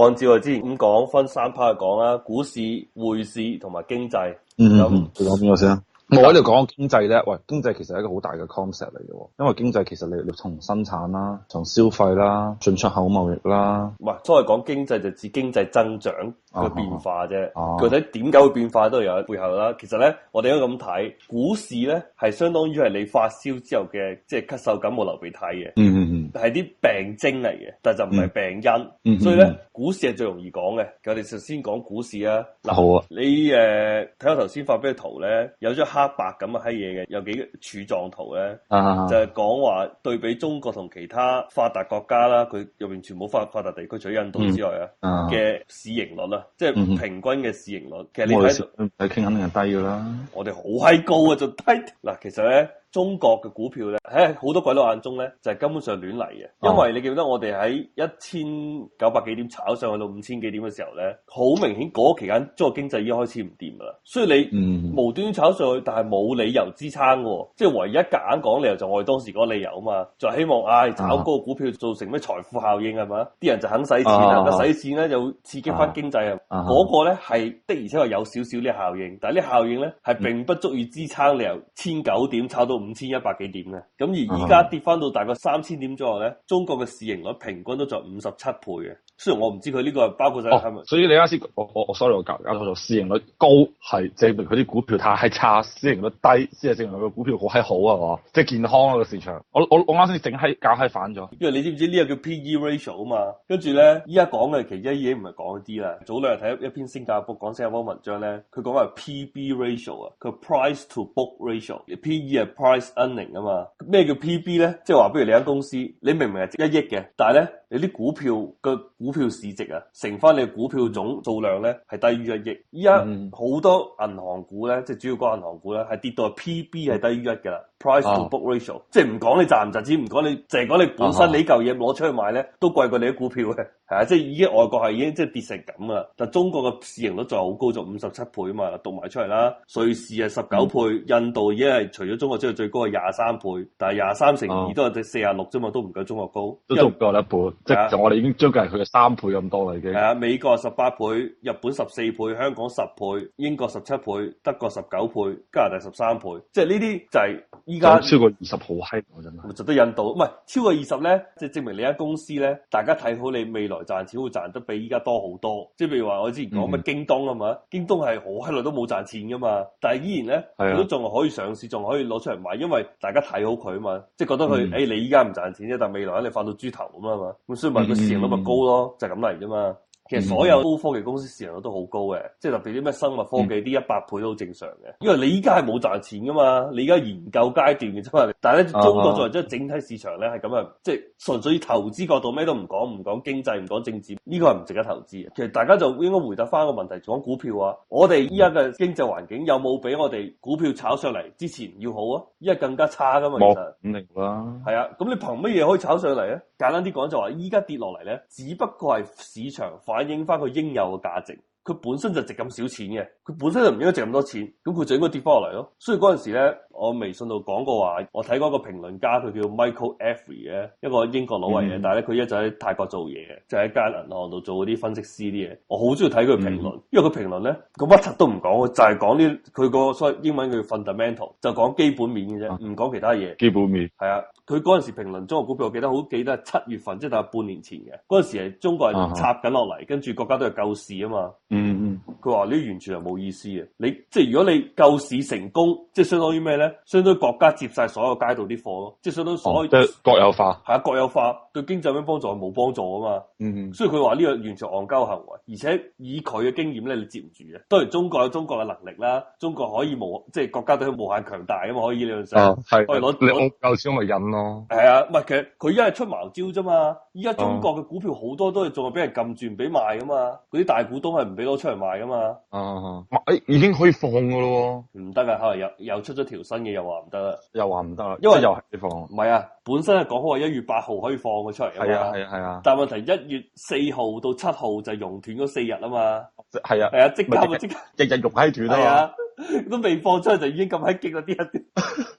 按照我之前咁講，分三 part 講啦，股市、匯市同埋經濟，嗯。嗯嗯，你講邊個先啊？我喺度講經濟咧。喂，經濟其實係一個好大嘅 concept 嚟嘅，因為經濟其實你從生產啦，從消費啦，進出口貿易啦，唔係所謂講經濟就指經濟增長嘅變化啫。具體點解會變化都係有背後啦。其實咧，我哋應該咁睇，股市咧係相當於係你發燒之後嘅即係咳嗽、感冒、流鼻涕嘅，嗯嗯嗯，係啲病徵嚟嘅，但係就唔係病因。嗯嗯嗯嗯嗯嗯，所以咧。股市係最容易講嘅，其實我哋首先講股市啊。嗱，好啊，你誒睇下頭先發俾嘅圖咧，有張黑白咁嘅閪嘢嘅，有幾個柱狀圖咧，啊、就係講話對比中國同其他發達國家啦，佢入邊全部發發達地區除咗印度之外啊嘅市盈率啦，即係平均嘅市盈率。其實你睇，你傾肯定係低㗎啦。我哋好閪高啊，就低，低。嗱，其實咧。中國嘅股票咧，喺、哎、好多鬼佬眼中咧，就係、是、根本上亂嚟嘅。因為你記得我哋喺一千九百幾點炒上去到五千幾點嘅時候咧，好明顯嗰期間中國經濟已經開始唔掂噶啦。所以你無端端炒上去，但係冇理由支撐嘅、哦，即係唯一夾硬講理由就係我哋當時嗰個理由啊嘛。就是、希望唉、哎、炒嗰個股票造成咩財富效應係嘛？啲人就肯使錢，肯使、uh huh. 啊、錢咧就刺激翻經濟啊。嗰、uh huh. 個咧係的而且係有少少啲效應，但係啲效應咧係並不足以支撐你由千九點炒到。五千一百幾點，而依家跌返到大概三千點左右，中國嘅市盈率平均都在五十七倍。雖然我唔知佢呢、呢個包括晒係、oh, 所以你啱先，我我我 sorry 我搞我搞錯，市盈率高係證明佢啲股票太差，市盈率低先係證明個股票好係好啊，係嘛？即係健康啊個市場。我我我啱先整閪搞閪反咗，因為你知唔知呢個叫 P E ratio 啊嘛？跟住咧，依家講嘅其實一嘢唔係講嗰啲啦。早兩日睇一篇新加坡講新加坡文章咧，佢講話係 P B ratio 啊，佢 price to book ratio。P E 係 price earning 啊嘛。咩叫 P B 咧？即係話，比如你間公司，你明唔明係值一億嘅，但係咧。你啲股票嘅股票市值啊，乘翻你嘅股票總數量咧，係低於一億。依家好多銀行股咧，即係主要講銀行股咧，係跌到 P/B 係低於一嘅啦，Price to Book Ratio，即係唔講你賺唔賺錢，唔講你，淨係講你本身你嚿嘢攞出去賣咧，都貴過你啲股票嘅。係啊，即係依家外國係已經即係跌成咁啊，但係中國嘅市盈率就係好高，就五十七倍啊嘛，讀埋出嚟啦。瑞士係十九倍，印度已經係除咗中國之外最高係廿三倍，但係廿三成二都係四十六啫嘛，都唔夠中國高，都唔夠一半。即係我哋已經將近係佢嘅三倍咁多啦已經。係啊，美國十八倍，日本十四倍，香港十倍，英國十七倍，德國十九倍，加拿大十三倍。即係呢啲就係依家超過二十好閪，我真係。咁就都印度，唔係超過二十咧，即係證明你間公司咧，大家睇好你未來賺錢會賺得比依家多好多。即係譬如話我之前講乜京東啊嘛，嗯、京東係好閪耐都冇賺錢噶嘛，但係依然咧，佢、嗯、都仲可以上市，仲可以攞出嚟賣，因為大家睇好佢啊嘛，即係覺得佢誒、嗯欸，你依家唔賺錢啫，但係未來你能發到豬頭咁啊嘛。所以佢個市盈率咪高咯，就係咁嚟啫嘛。其實所有高科技公司市盈率都好高嘅，即係特別啲咩生物科技啲一百倍都好正常嘅，因為你依家係冇賺錢㗎嘛，你而家研究階段嘅，啫嘛，但係咧、哦、中國作為即係整體市場咧係咁啊，即係純粹以投資角度咩都唔講，唔講經濟，唔講政治，呢、這個係唔值得投資嘅。其實大家就應該回答翻個問題，講股票啊，我哋依家嘅經濟環境有冇比我哋股票炒上嚟之前要好啊？依家更加差㗎嘛，其實咁明啦，係啊，咁、嗯、你憑乜嘢可以炒上嚟啊？簡單啲講就話、是，依家跌落嚟咧，只不過係市場反反映翻佢應有嘅價值，佢本身就值咁少錢嘅，佢本身就唔應該值咁多錢，咁佢就應該跌翻落嚟咯。所以嗰陣時咧，我微信度講過話，我睇過一個評論家，佢叫 Michael Afery 嘅，一個英國老外嘅，嗯、但係咧佢一直喺泰國做嘢，就喺、是、一間銀行度做嗰啲分析師啲嘢。我好中意睇佢評論，嗯、因為佢評論咧，佢乜柒都唔講，就係講啲佢個所謂英文叫 fundamental，就講基本面嘅啫，唔講其他嘢、啊。基本面係啊。佢嗰陣時評論中國股票，我記得好記得係七月份，即係大概半年前嘅嗰陣時，係中國人插緊落嚟，跟住國家都係救市啊嘛。嗯嗯，佢話呢完全係冇意思嘅。你即係如果你救市成功，即係相當於咩咧？相當於國家接晒所有街道啲貨咯，即係相當於所有國有化。係啊，國有化對經濟有咩幫助，係冇幫助啊嘛。嗯嗯，所以佢話呢個完全戇鳩行為，而且以佢嘅經驗咧，你接唔住嘅。當然中國有中國嘅能力啦，中國可以無即係國家對佢無限強大啊嘛，可以呢樣嘢。哦，係，攞你戇鳩咪忍咯。係啊，唔係其實佢一係出茅招啫嘛。依家中國嘅股票好多都係仲係俾人撳住唔俾賣噶嘛，嗰啲大股東係唔俾攞出嚟賣噶嘛。啊，哎，已經可以放噶咯喎，唔得噶，可能又又出咗條新嘅，又話唔得啦，又話唔得啦，因為又係你放唔係啊？本身係講好話一月八號可以放佢出嚟嘅啊，係啊，係啊。啊但係問題一月四號到七號就熔斷咗四日啦嘛。係啊，係啊，即刻是即刻即日日熔喺斷啦。係啊，都未放出嚟就已經咁喺激一啲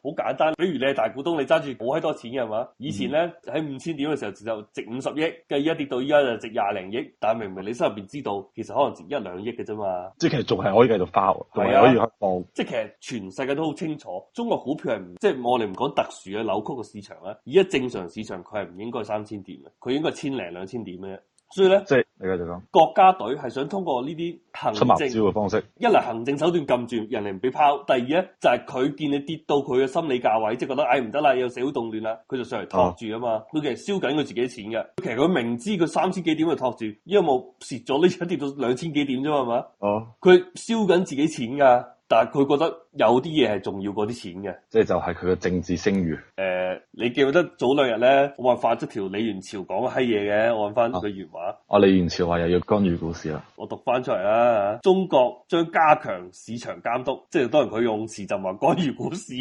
好 簡單，比如你係大股東，你揸住好喺多錢嘅嘛。以前咧喺五千點嘅時候就。五十億，繼而一跌到依家就值廿零億，但係明明你心入邊知道，其實可能值一兩億嘅啫嘛。即係其實仲係可以繼續花，仲係可以去爆。啊、即係其實全世界都好清楚，中國股票係唔，即係我哋唔講特殊嘅扭曲嘅市場啦，而家正常市場佢係唔應該三千點嘅，佢應該千零兩千點嘅。所以咧，即係你而家就講國家隊係想通過呢啲行政招嘅方式，一嚟行政手段撳住人哋唔俾拋，第二咧就係、是、佢見你跌到佢嘅心理價位，即係覺得唉唔得啦，有社會動亂啦，佢就上嚟托住啊嘛。佢、啊、其實燒緊佢自己的錢嘅，其實佢明知佢三千幾點就托住，因為蝕咗呢，而家跌到兩千幾點啫嘛，係嘛、啊？哦，佢燒緊自己的錢㗎。但係佢覺得有啲嘢係重要過啲錢嘅，即係就係佢嘅政治聲譽。誒、呃，你記唔記得早兩日咧，我話發咗條李源潮講閪嘢嘅，按翻佢原話，啊李源潮話又要干預股市啦。我讀翻出嚟啦。中國將加強市場監督，即係當然佢用詞就話干預股市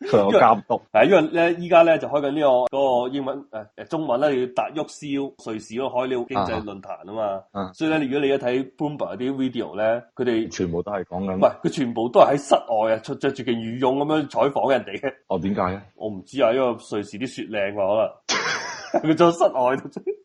佢監督，係因為咧，依家咧就開緊呢、這個嗰、這個、英文誒誒、呃、中文咧，要達沃斯瑞士嗰個海鳥經濟論壇啊嘛，啊啊所以咧，如果你一睇 Bloomberg 啲 video 咧，佢哋全部都係講緊，喂，佢全部都係喺室外啊，著著住件羽絨咁樣採訪人哋。哦，點解咧？我唔知啊，因為瑞士啲雪靚喎，可能佢做室外。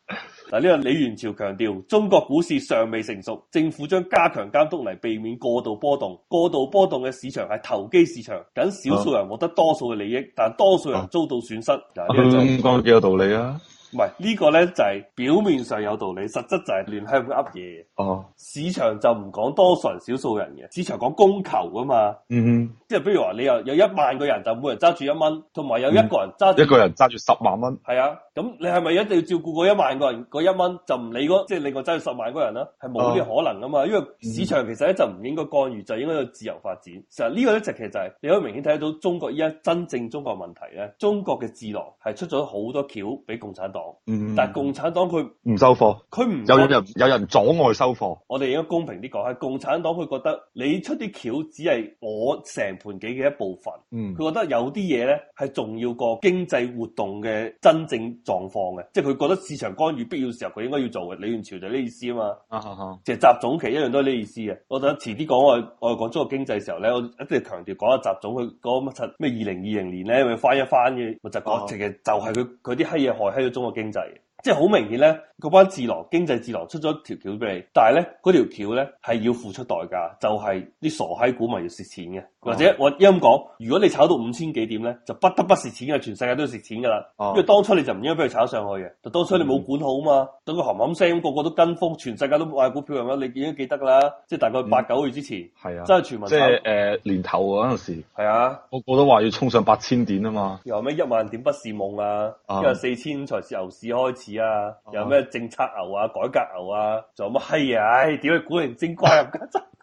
嗱呢個李源潮強調，中國股市尚未成熟，政府將加強監督嚟避免過度波動。過度波動嘅市場係投機市場，僅少數人獲得多數嘅利益，啊、但多數人遭到損失。呢就咁講幾有道理啊？唔係呢個咧就係表面上有道理，啊、實質就係聯係唔噏嘢。哦、啊，市場就唔講多數人、少數人嘅市場，講供求噶嘛。嗯，即係比如話，你有有一萬個人就每人揸住一蚊，同埋有,有一個人揸住、嗯、一個人揸住十萬蚊，係啊。咁你係咪一定要照顧嗰一萬個人嗰一蚊？就唔理嗰即係你外真係十萬個人啦、啊，係冇啲可能噶嘛？因為市場其實咧、嗯、就唔應該干預，就應該要自由發展。其實呢個一直其實就係、是、你可以明顯睇得到中國依家真正中國問題咧，中國嘅智囊係出咗好多橋俾共產黨。嗯、但係共產黨佢唔收貨，佢唔有人有人阻礙收貨。我哋應該公平啲講，共產黨佢覺得你出啲橋只係我成盤棋嘅一部分。嗯，佢覺得有啲嘢咧係重要過經濟活動嘅真正狀況嘅，即係佢覺得市場干預必要時候，佢應該要做嘅。李元朝就係呢意思啊嘛。啊哈哈，啊啊、其實習總期一樣都係呢意思嘅。我等遲啲講我我講中國經濟時候咧，我一直強調講下習總佢嗰乜七咩二零二零年咧，翻一翻嘅就係嗰隻嘅，就係佢佢啲閪嘢害喺咗中國經濟。啊啊、即係好明顯咧，嗰班智囊經濟智囊出咗條橋俾你，但係咧嗰條橋咧係要付出代價，就係、是、啲傻閪股民要蝕錢嘅。或者我一咁講，如果你炒到五千幾點咧，就不得不蝕錢嘅，全世界都要蝕錢噶啦。啊、因為當初你就唔應該俾佢炒上去嘅，就當初你冇管好嘛，等佢喊喊聲，個個都跟風，全世界都買股票咁樣，你已經記得啦，即係大概八、嗯、九月之前，係啊，即係全民即係誒年頭嗰陣時，係啊，個個都話要衝上八千點啊嘛，又咩一萬點不是夢啊，因為四千才是牛市開始啊，啊又咩政策牛啊、改革牛啊，仲有乜閪啊？唉、哎，點、哎、去、哎、古靈精怪咁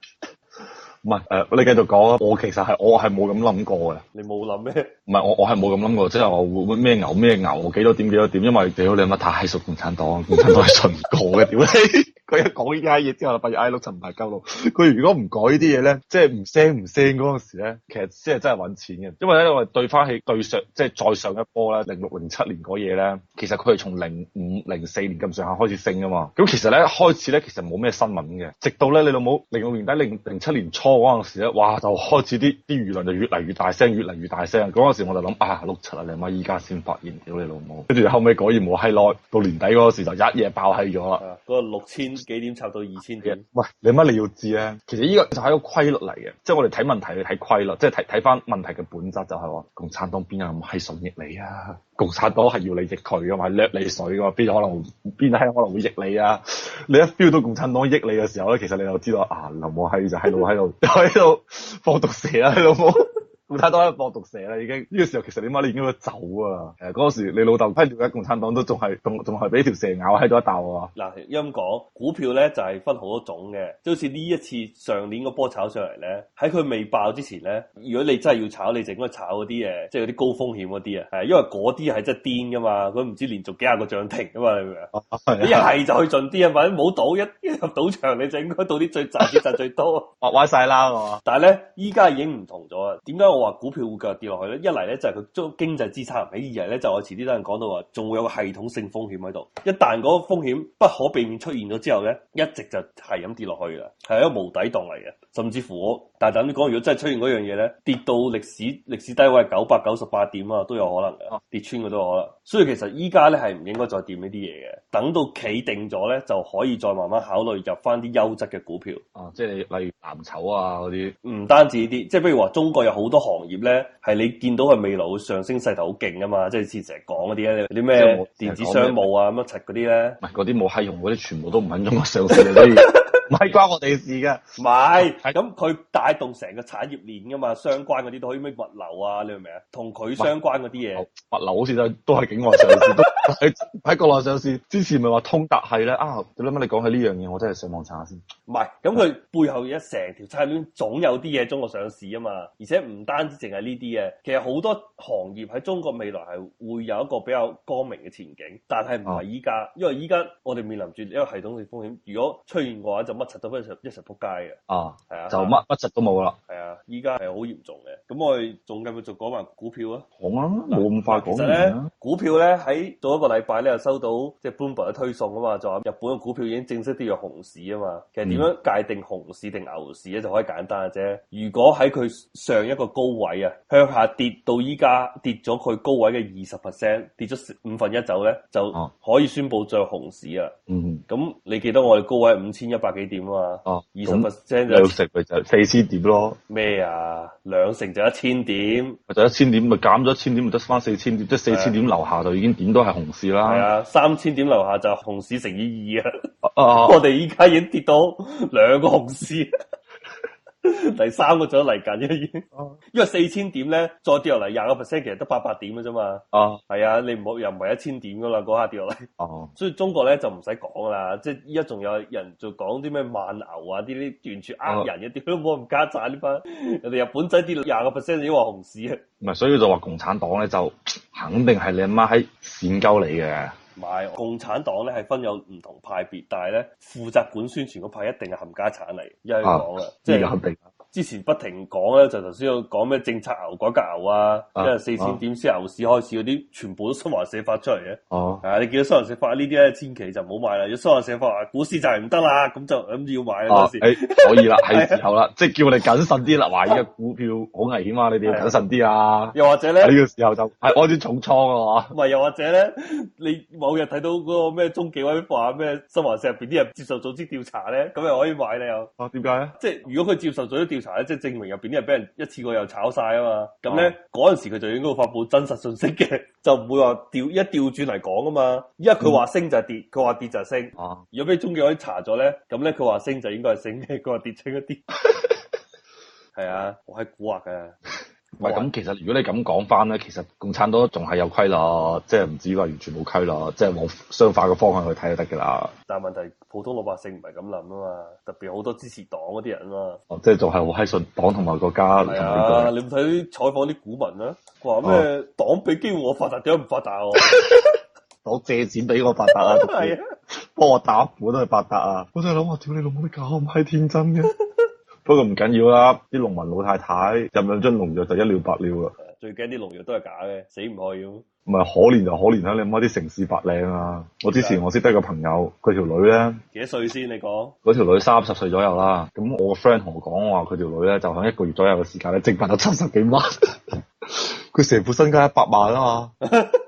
唔係、嗯，你繼續講，我其實係我係冇咁諗過嘅。你冇諗咩？唔係，我我係冇咁諗過，即係話會咩牛咩牛幾多點幾多點？因為屌你乜太係熟共產黨，共產黨信唔過嘅屌你。 佢一講呢家嘢之後，就如 I 六尋排鳩六。佢如果唔改呢啲嘢咧，即係唔聲唔聲嗰陣時咧，其實真係真係揾錢嘅。因為咧，我哋對翻起對上即係再上一波咧，零六零七年嗰嘢咧，其實佢係從零五零四年咁上下開始升㗎嘛。咁其實咧開始咧其實冇咩新聞嘅，直到咧你老母零六年底零零七年初嗰陣時咧，哇，就開始啲啲輿論就越嚟越大聲，越嚟越大聲。嗰陣時我就諗啊、哎，六七零米依家先發現屌你老母。跟住後尾果然冇閪耐，到年底嗰時就一夜爆起咗啦。嗰個六千。那個幾點湊到二千幾？喂，你乜你要知咧？其實呢個就係一個規律嚟嘅，即係我哋睇問題，你睇規律，即係睇睇翻問題嘅本質就係、是、話共產黨邊有人係順益你啊？共產黨係要你逆佢嘅嘛，掠你水嘅嘛，邊可能邊係可能會益你啊？你一 feel 到共產黨益你嘅時候咧，其實你就知道啊，老母閪就喺度喺度喺度放毒蛇啊，老母！太多一搏毒蛇啦，已經呢個時候其實你媽你已經要走啊！誒嗰時你老豆批住嗰共產黨都仲係，仲仲係俾條蛇咬喺度一啖啊！嗱，因為講股票咧就係分好多種嘅，即好似呢一次上年嗰波炒上嚟咧，喺佢未爆之前咧，如果你真係要炒，你就應該炒嗰啲嘢，即係嗰啲高風險嗰啲啊，係因為嗰啲係真係癲㗎嘛，佢唔知連續幾廿個漲停㗎嘛，你明唔明？oh, yeah. 一係就去盡啲啊，或者冇賭一,一入賭場你就應該到啲最賺啲賺最多，白玩晒啦係嘛？我但係咧依家已經唔同咗啊！點解我？話股票會繼續跌落去咧，一嚟咧就係佢做經濟支撐，誒，二嚟咧就我遲啲都人講到話，仲會有個系統性風險喺度，一旦嗰個風險不可避免出現咗之後咧，一直就係咁跌落去嘅，係一個無底洞嚟嘅，甚至乎。但等你講，如果真係出現嗰樣嘢咧，跌到歷史歷史低位九百九十八點啊，都有可能嘅，啊、跌穿嘅都有可能。所以其實依家咧係唔應該再掂呢啲嘢嘅，等到企定咗咧，就可以再慢慢考慮入翻啲優質嘅股票。啊，即係例如藍籌啊嗰啲，唔單止呢啲，即係譬如話中國有好多行業咧，係你見到佢未來會上升勢頭好勁啊嘛，即係以前成日講嗰啲咧，啲咩電子商務啊乜柒嗰啲咧，唔係嗰啲冇閪用嗰啲，全部都唔肯中國上 唔係關我哋事噶，唔係是，咁佢帶動成個產業鏈噶嘛，相關嗰啲都可以咩物流啊，你明唔明啊？同佢相關嗰啲嘢，物流好似都係都係境外上市，喺喺 國內上市。之前咪話通達係咧啊，點解乜你講起呢樣嘢，我真係上網查下先。唔係，咁佢背後一成條產業鏈總有啲嘢中國上市啊嘛，而且唔單止淨係呢啲嘢。其實好多行業喺中國未來係會有一個比較光明嘅前景，但係唔係依家，嗯、因為依家我哋面臨住一個系統性風險，如果出現嘅話。就乜柒都一齊一齊仆街嘅，啊，係啊，就乜乜柒都冇啦，係啊，依家係好嚴重嘅。咁我哋仲繼續講埋股票啊，好啊，冇咁快講嘅。啊、股票咧喺早一個禮拜咧又收到即係 Bloomberg 嘅推送啊嘛，就話日本嘅股票已經正式跌入熊市啊嘛。其實點樣界定熊市定牛市咧、嗯、就可以簡單嘅啫。如果喺佢上一個高位啊向下跌到依家跌咗佢高位嘅二十 percent，跌咗五分一走咧，就可以宣佈着熊市啊。嗯咁你記得我哋高位五千一百。幾點啊？哦，二十 percent 兩成咪就四千點咯。咩啊？兩成就一千點，咪就一千點咪減咗一千點，咪得翻四千點，即係四千點樓下就已經點都係熊市啦。係啊，三千點樓下就熊市乘以二啊。 我哋依家已經跌到兩個熊市。 第三個就嚟緊， 已經因為四千點咧再跌落嚟，廿個 percent 其實得八百點嘅啫嘛。哦、啊，係啊，你唔好又唔係一千點噶啦，嗰下跌落嚟。哦、啊，所以中國咧就唔使講啦，即係依家仲有人就講啲咩慢牛啊，啲啲完全呃人一啲，啊、都冇咁加炸呢班。人哋日本仔跌廿個 percent 已經話熊市啊。唔係，所以就話共產黨咧就肯定係你阿媽喺線鳩你嘅。買共產黨咧係分有唔同派別，但係咧負責管宣傳嗰派一定係冚家鏟嚟，啊、一係講嘅，即係是、啊這個、肯定。之前不停講咧，就頭先有講咩政策牛、改革牛啊，即係四千點先牛市開始嗰啲，全部都新華社發出嚟嘅。哦，啊，你見到新華社發呢啲咧，千祈就唔好買啦。如果新華社發股市就係唔得啦，咁就諗住要買先。係可以啦，係時候啦，即係叫你謹慎啲啦，買嘅股票好危險啊，你哋要謹慎啲啊。又或者咧，呢個時候就係開始重倉啊嘛。唔係，又或者咧，你某日睇到嗰個咩中紀委話咩新華社入邊啲人接受組織調查咧，咁又可以買咧又。哦，點解咧？即係如果佢接受組織調。查，即係證明入邊啲人俾人一次過又炒晒啊嘛，咁咧嗰陣時佢就應該會發佈真實信息嘅，就唔會話調一調轉嚟講啊嘛，一佢話升就跌，佢話、uh. 跌就升。哦，如果俾中介可以查咗咧，咁咧佢話升就應該係升嘅，佢話跌清一啲。係 啊，我係估下噶。 唔係咁，哦、其實如果你咁講翻咧，其實共產黨仲係有規啦，即係唔至於話完全冇規啦，即係往相反嘅方向去睇就得嘅啦。但係問題，普通老百姓唔係咁諗啊嘛，特別好多支持黨嗰啲人啊嘛。哦，即係仲係好閪信黨同埋國家。係、嗯、啊，你唔睇採訪啲股民咧，話咩黨俾機會我發達，點解唔發達我？黨借 錢俾我發達 啊！幫我打本都係發達啊！我想講話，屌你老母，你搞唔係天真嘅？不過唔緊要啦，啲農民老太太入兩樽農藥就一了百了啦。最驚啲農藥都係假嘅，死唔去咁。唔係，可憐就可憐喺你啱啲城市白領啦、啊。吧我之前我識得個朋友，佢條女咧幾多歲先？你講嗰條女三十歲左右啦。咁我個 friend 同我講話，佢條女咧就喺一個月左右嘅時間咧，淨翻咗七十幾萬。佢成副身家一百萬啊嘛。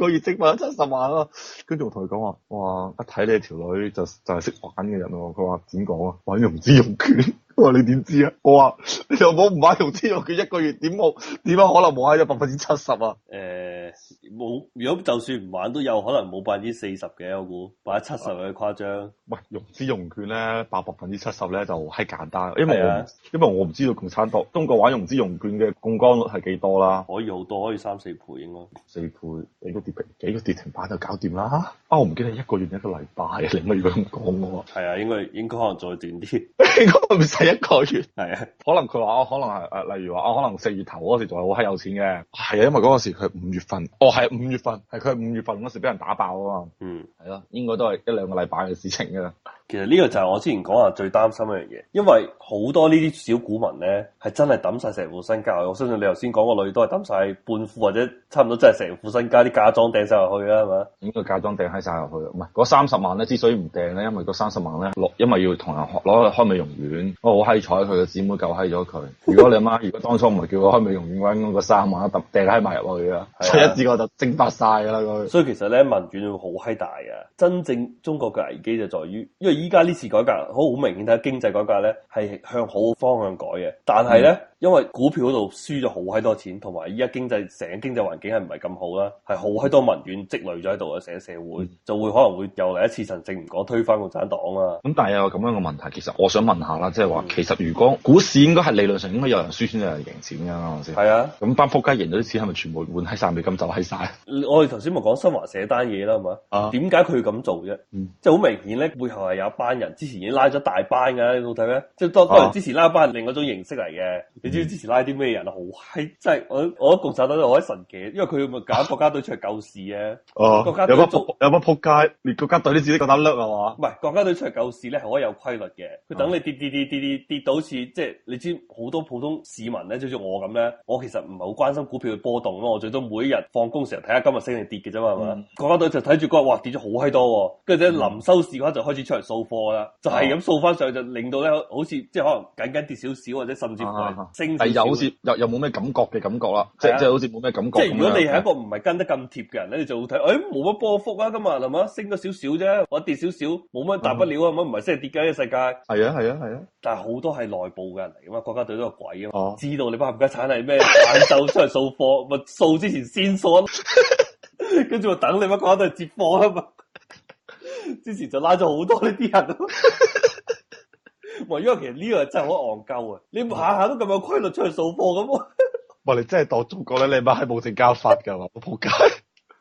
個月積滿七十萬咯、啊，跟住我同佢講話，哇！一睇你條女就就係、是、識玩嘅人喎，佢話點講啊？玩融資融券。 你點知啊？我話你又冇唔買融資融券一個月點冇？點樣可能冇喺咗百分之七十啊？誒冇、欸，如果就算唔玩都有可能冇百分之四十嘅，我估百分之七十嘅誇張。喂，融資融券咧，百百分之七十咧就係、是、簡單，因為我、啊、因為我唔知道共產黨中國玩融資融券嘅槓桿率係幾多啦？可以好多，可以三四倍應該。四倍幾個跌停，幾個跌停板就搞掂啦。啊，我唔記得一個月一個禮拜啊？你乜嘢咁講嘅喎？係啊，應該應該，應該可能再短啲。 應該唔使。一個月係啊是的、哦，可能佢話我可能係誒，例如話我可能四月頭嗰時仲係好閪有錢嘅，係啊，因為嗰時佢五月份，哦係五月份，係佢五月份嗰時俾人打爆啊嘛，嗯，係咯，應該都係一兩個禮拜嘅事情噶啦。其實呢個就係我之前講話最擔心一樣嘢，因為好多呢啲小股民咧係真係抌晒成副身家，我相信你頭先講個女都係抌晒半副或者差唔多真係成副身家啲嫁妝掟晒入去啦，係嘛？應該嫁妝掟喺晒入去，唔係嗰三十萬咧之所以唔掟咧，因為嗰三十萬咧攞，因為要同人攞去開美容院，我好閪彩佢嘅姊妹救閪咗佢。如果你阿媽如果當初唔係叫我開美容院，搵、那、嗰個三萬掟掟閪埋入去啦， 一試我就蒸發晒噶啦， 所以其實咧民怨會好閪大啊。真正中國嘅危機就在於，因為。依家呢次改革好好明顯，睇經濟改革咧係向好方向改嘅。但係咧，因為股票嗰度輸咗好閪多錢，同埋依家經濟成個經濟環境係唔係咁好啦，係好閪多民怨積累咗喺度啊！成個社會、嗯、就會可能會又嚟一次，甚至唔講推翻共產黨啊！咁、嗯、但係有咁樣嘅問題，其實我想問下啦，即係話其實如果股市應該係理論上應該有人輸先有人贏錢㗎嘛先係啊？咁班撲街贏咗啲錢係咪全部換喺晒？咪咁就係晒？ 我哋頭先咪講新華寫單嘢啦，係嘛？啊，點解佢咁做啫？嗯、即係好明顯咧，背後係有。一班人之前已經拉咗大班嘅，你冇睇咩？即係當當年之前拉班係另一種形式嚟嘅。啊、你知唔知之前拉啲咩人啊？嗯、好閪，即係我我覺得共產黨都好神奇。因為佢咪搞國家隊出嚟救市啊！哦，有乜有乜撲街？連國家隊都捉自己個膽甩係嘛？唔係國家隊出嚟救市咧，係可以有規律嘅。佢等你跌跌跌跌跌跌，跌，跌，跌，跌到好似即係你知好多普通市民咧，即似我咁咧，我其實唔係好關心股票嘅波動咁咯。我最多每一日放工成日睇下看看今日升定跌嘅啫嘛，係嘛？嗯、國家隊就睇住日哇跌咗好閪多、啊，跟住咧臨收市嘅話就開始出嚟。掃貨啦，就係咁掃翻上去就令到咧，好似即係可能緊緊跌少少或者甚至升點點，係、啊、有好似又又冇咩感覺嘅感覺啦，即係即係好似冇咩感覺。即係、啊、如果你係一個唔係跟得咁貼嘅人咧，啊、你就會睇，誒、哎，冇乜波幅啊，咁啊，係嘛，升咗少少啫，或者跌少少，冇乜大不了啊，咁唔係即係跌緊嘅、這個、世界。係啊，係啊，係啊，但係好多係內部嘅人嚟噶嘛，國家隊都係鬼啊嘛，知道你乜冚家產係咩， 就出嚟掃貨，咪掃之前先掃，跟住我等你乜國家隊接貨啊嘛。之前就拉咗好多呢啲人咯，哇！因為其實呢個真係好戇鳩啊， 你唔下下都咁有規律出去掃貨，咁，哇！你真係當中國咧，你唔係冇證交法噶，我仆街。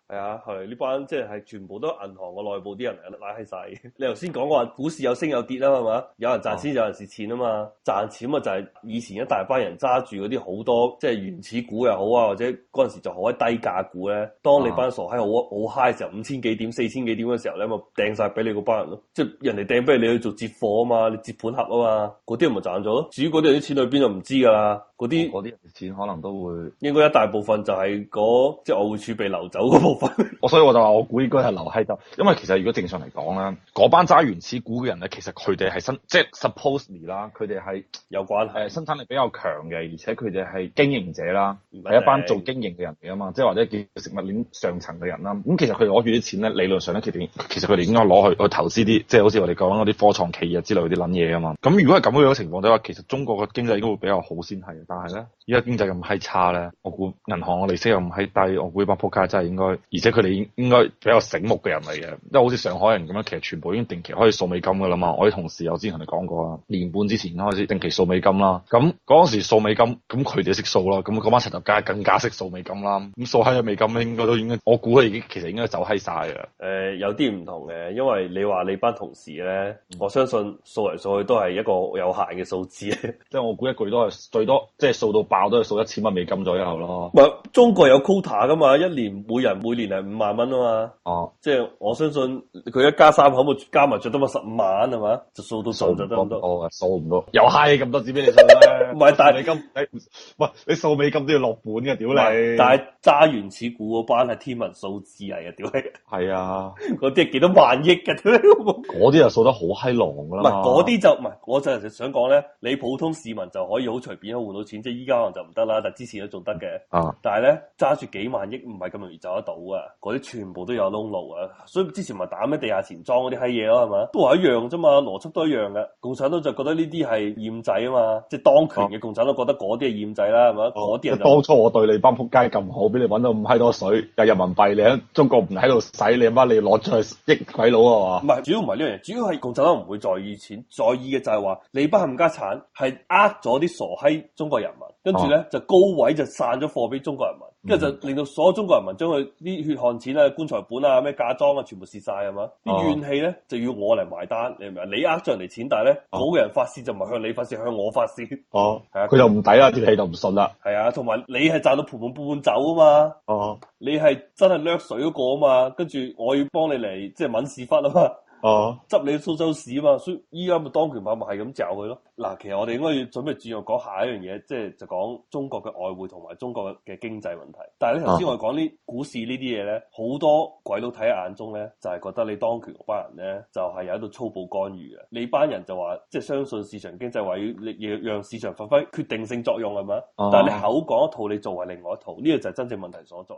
係啊，係呢、哎、班即係全部都銀行個內部啲人嚟，拉起晒。 你頭先講話股市有升有跌啦，係嘛？有人賺錢，有人蝕錢啊嘛。啊賺錢啊就係以前一大班人揸住嗰啲好多即係原始股又好啊，或者嗰陣時就好喺低價股咧。當你班傻閪好好 high 嘅時候，五千幾點、四千幾點嘅時候咧，咪掟晒俾你嗰班人咯。即係、啊、人哋掟，俾你去做接貨啊嘛，你接盤俠啊嘛。嗰啲咪賺咗咯。至於嗰啲錢喺邊就唔知噶啦。嗰啲嗰啲錢可能都會，應該一大部分就係嗰即係外匯儲備流走嗰部我 所以我就話，我估應該係留喺度，因為其實如果正常嚟講啦，嗰班揸原始股嘅人咧，其實佢哋係新，即係 supposedly 啦，佢哋係有關誒生產力比較強嘅，而且佢哋係經營者啦，係一班做經營嘅人嚟啊嘛，即係或者叫食物鏈上層嘅人啦。咁其實佢攞住啲錢咧，理論上咧，佢哋其實佢哋應該攞去去投資啲，即係好似我哋講緊嗰啲科創企業之類嗰啲撚嘢啊嘛。咁如果係咁樣嘅情況底下，其實中國嘅經濟應該會比較好先係，但係咧，依家經濟咁閪差咧，我估銀行嘅利息又咁閪低，我估呢班撲街真係應該。而且佢哋應應該比較醒目嘅人嚟嘅，因為好似上海人咁樣，其實全部已經定期可以掃美金噶啦嘛。我啲同事我之前同你講過啦，年半之前開始定期掃美金啦。咁嗰陣時掃美金，咁佢哋識掃啦，咁嗰班陳立街更加識掃美金啦。咁掃閪咗美金咧，應該都應該，我估佢已經其實應該走閪曬嘅。誒、呃，有啲唔同嘅，因為你話你班同事咧，我相信數嚟數去都係一個有限嘅數字，即係 我估一句都係最多，即、就、係、是、數到爆都係數一千蚊美金左右咯。唔係中國有 quota 噶嘛，一年每人每係五萬蚊啊嘛，哦、啊，即係我相信佢一家三口，冇加埋著得咪十五萬係嘛，就數到數就得咁多，數唔多，又嗨 i g h 咁多紙俾你數 唔係但，但係你唔係你數尾金都要落本嘅，屌你！但係揸原始股嗰班係天文數字嚟嘅，屌你！係啊，嗰啲係幾多萬億嘅，屌 你！嗰啲就數得好閪狼啦嘛！嗰啲就唔係，我就想講咧，你普通市民就可以好隨便可以換到錢，即係依家可能就唔得啦，但係之前都仲得嘅。啊！但係咧揸住幾萬億唔係咁容易走得到啊。嗰啲全部都有窿路啊！所以之前咪打咩地下錢莊嗰啲閪嘢咯，係嘛？都係一樣啫嘛，邏輯都一樣嘅。共產黨就覺得呢啲係驗仔啊嘛，即係當。共產黨覺得嗰啲係厭滯啦，係咪？嗰啲。即當初我對你班撲街咁好，俾你揾到咁閪多水有人民幣，你喺中國唔喺度使你阿媽，你攞出去益鬼佬啊嘛？唔係，主要唔係呢樣嘢，主要係共產黨唔會在意錢，在意嘅就係話你不冚家產，係呃咗啲傻閪中國人民，跟住咧就高位就散咗貨俾中國人民。啊。跟住就令到所有中國人民將佢啲血汗錢啊、棺材本啊、咩嫁妝啊，全部蝕晒、啊，係嘛、uh？啲、huh. 怨氣咧就要我嚟埋單，你明唔明啊？你呃咗人哋錢，但係咧嗰個人發泄就唔係向你發泄，向我發泄。哦、 uh，係、huh. 啊，佢就唔抵啦，啲氣 就唔順啦。係啊，同埋你係賺到盆滿缽滿走啊嘛。哦、uh，huh. 你係真係掠水嗰個啊嘛，跟住我要幫你嚟即係揾屎忽啊嘛。哦，執、uh huh. 你蘇州市嘛，所以依家咪當權派咪係咁嚼佢咯。嗱，其實我哋應該要準備轉用講下一樣嘢，即係就講中國嘅外匯同埋中國嘅經濟問題。但係你頭先我哋講呢股市呢啲嘢咧，好多鬼佬睇喺眼中咧，就係、是、覺得你當權嗰班人咧，就係、是、有一度粗暴干預嘅。你班人就話，即係相信市場經濟，話要要讓市場發揮決定性作用係咪、uh huh. 但係你口講一套，你做為另外一套，呢、這個就係真正問題所在。